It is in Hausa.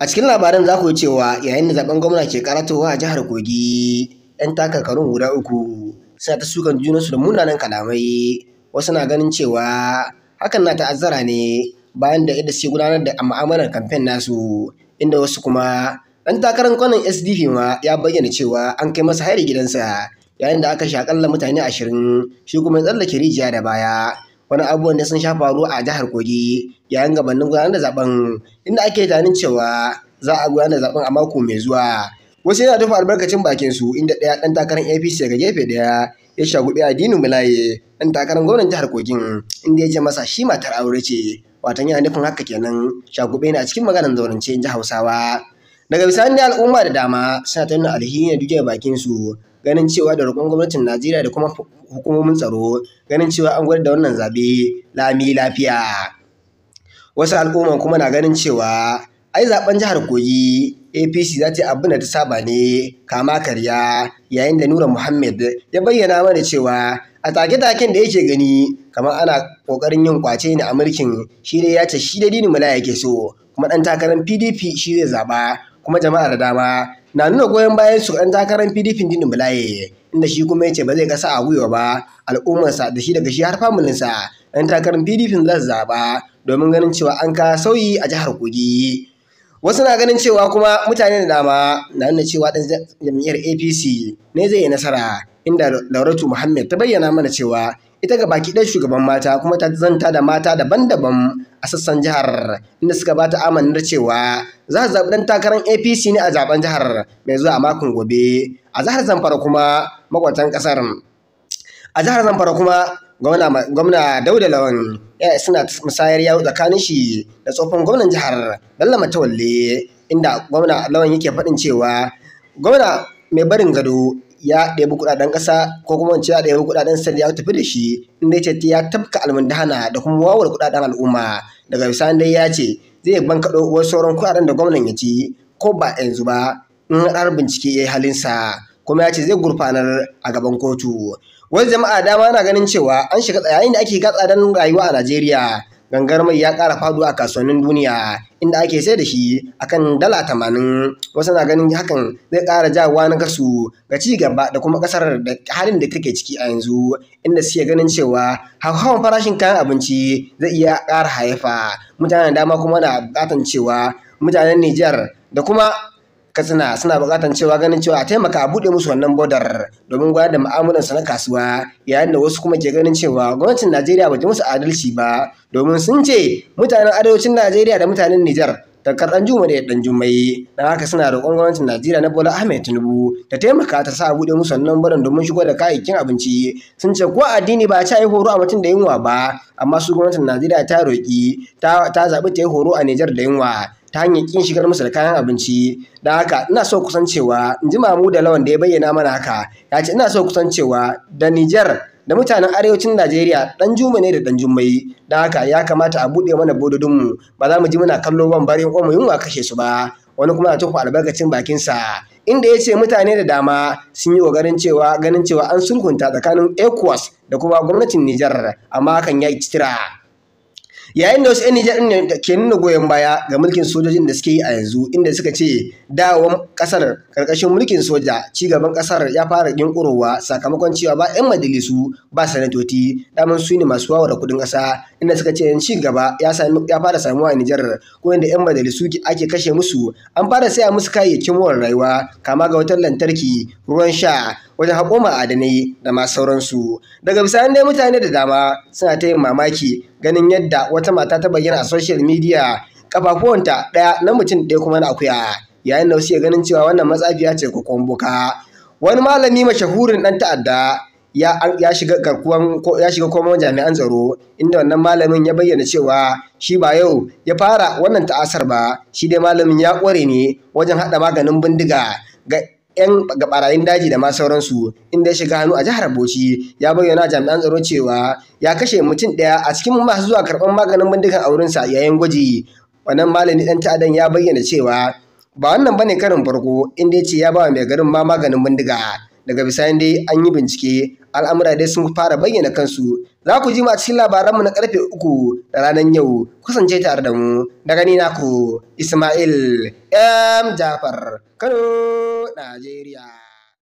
A cikin labaran za ku yi cewa yayin da zaben gwamna ke karatowa a jihar Kogi, 'yan takarkarun guda uku suna ta sukan junansu da munanan kalamai. Wasu na ganin cewa hakan na ta'azzara ne bayan da yadda suke gudanar da ma'amalar kamfen nasu, inda wasu kuma Dan takarar kwanan SDP ma ya bayyana cewa an kai masa hari gidansa yayin da aka shi mutane ashirin shi kuma ya tsallake rijiya da baya. wani abubuwan da sun sha faru a jihar Kogi yayin gabanin gudanar da zaben inda ake tunanin cewa za a gudanar da zaben a mako mai zuwa. Wasu yana tufa albarkacin bakin su inda ɗaya ɗan takarar APC daga gefe ɗaya ya shagubi addinin Mulaye ɗan takarar gwamnan jihar Kogin inda ya ce masa shi matar aure ce watan yana nufin haka kenan shagube na cikin maganar zaurance in ji Hausawa. Daga bisani al'umma da dama suna ta nuna alhini na duke bakin su ganin cewa da roƙon gwamnatin Najeriya da kuma hukumomin tsaro ganin cewa an gwada da wannan zaɓe lami lafiya wasu al'umma kuma na ganin cewa ai zaɓen jihar Kogi APC za ta abin da ta saba ne kama karya yayin da Nura Muhammad ya bayyana mana cewa a take-taken da yake gani kamar ana kokarin yin kwace ne a mulkin shi dai ya ce shi da dinin mala yake so kuma ɗan takarar PDP shi zai zaba kuma jama'a da dama na nuna goyon bayan su ɗan takarar PDP Dinu Bulaye inda shi kuma ya ce ba zai kasa a gwiwa ba al'ummarsa da shi daga shi har famulinsa ɗan takarar PDP za su zaɓa domin ganin cewa an ka sauyi a jihar Kogi. Wasu na ganin cewa kuma mutane da dama na nuna cewa ɗan jam'iyyar APC ne zai yi nasara inda Lauratu Muhammad ta bayyana mana cewa ita ga baki ɗaya shugaban mata kuma ta zanta da mata daban-daban a sassan jihar inda suka bata amanar cewa za su zaɓi ɗan takarar apc ne a zaben jihar mai zuwa a makon gobe a jihar zamfara kuma makwatan ƙasar a jihar zamfara kuma gwamna dauda lawan suna musayar yawo tsakanin shi da tsohon gwamnan jihar bello matawalle inda gwamna lawan yake faɗin cewa gwamna mai barin gado ya ɗebi kuɗaɗen ƙasa ko kuma ce ya ɗebi kuɗaɗen sel ya tafi da shi inda ya ce ya tafka almundahana da kuma wawar kuɗaɗen al'umma daga bisani dai ya ce zai bankaɗo wasu sauran kuɗaɗen da gwamnan ya ci ko ba yanzu ba in har bincike ya yi halinsa kuma ya ce zai gurfanar a gaban kotu wasu jama'a dama na ganin cewa an shiga yayin da ake gatsa don rayuwa a najeriya gangar mai ya ƙara faduwa a kasuwannin duniya inda ake sai da shi akan dala tamanin wasu na ganin hakan zai ƙara jawa na kasu ga ci gaba da kuma ƙasar da halin da take ciki a yanzu inda suke ganin cewa hauhawan farashin kayan abinci zai iya ƙara haifa mutanen dama kuma na buƙatan cewa mutanen Nijar da kuma katsina suna buƙatar cewa ganin cewa a taimaka a buɗe musu wannan bodar domin gudanar da mu'amulansu na kasuwa yayin da wasu kuma ke ganin cewa gwamnatin najeriya ba ta musu adalci ba domin sun ce mutanen arewacin najeriya da mutanen nijar ta karɗan juma da dan jummai dan haka suna roƙon gwamnatin Najeriya na Bola Ahmed Tinubu ta taimaka ta sa buɗe musu wannan bodar domin shigo da kayayyakin abinci sun ce ko addini ba ta yi horo a mutum da yunwa ba amma su gwamnatin Najeriya ta roƙi ta zaɓi ta yi horo a Nijar da yunwa ta hanyar kin shigar musu da kayan abinci da haka ina so kusan cewa in ji mamu da lawan da ya bayyana mana haka ya ce ina so kusan cewa da Nijar da mutanen arewacin Najeriya dan juma ne da dan jummai da haka ya kamata a buɗe mana bododinmu ba za mu ji muna kallo ban bari ko mu yunwa kashe su ba wani kuma na tuku albarkacin bakin sa inda ya ce mutane da dama sun yi ƙoƙarin cewa ganin cewa an sulhunta tsakanin ECOWAS da kuma gwamnatin Nijar amma hakan ya yi tira. yayin da wasu 'yan Nijar ɗin ke nuna goyon baya ga mulkin sojojin da suke yi a yanzu inda suka ce dawon ƙasar ƙarƙashin mulkin soja ci gaban ƙasar ya fara yunƙurowa sakamakon cewa ba 'yan majalisu ba sanatoci daman su ne masu wawara kuɗin ƙasa inda suka ce ci gaba ya fara samuwa a Nijar ko inda 'yan majalisu ake kashe musu an fara saya musu kayayyakin more rayuwa kama ga wutar lantarki ruwan sha wajen haƙo ma'adanai da ma sauransu daga bisani dai mutane da dama suna ta yin mamaki ganin yadda wata mata ta bayyana a social media kafafuwanta ɗaya na mutum ɗaya kuma na akuya yayin da wasu ke ganin cewa wannan matsafiya ce ko kwamboka wani malami mashahurin ɗan ta'adda ya shiga garkuwan ya shiga komawan jami'an tsaro inda wannan malamin ya bayyana cewa shi ba yau ya fara wannan ta'asar ba shi dai malamin ya ƙware ne wajen haɗa maganin bindiga 'yan gabarayin daji da ma sauransu inda ya shiga hannu a jihar Bauchi ya bayyana jami'an tsaro cewa ya kashe mutum ɗaya a cikin masu zuwa karɓar maganin bindigan a aurensa yayin gwaji wannan malami dan ta'adan ya bayyana cewa ba wannan bane karin farko inda ya ce ya ba wa mai garin ma maganin bindiga daga bisani dai an yi bincike al'amura dai sun fara bayyana kansu za ku ji ma cikin labaranmu na karfe uku da ranar yau kusance tare da mu daga ni naku ismail m jafar kano najeriya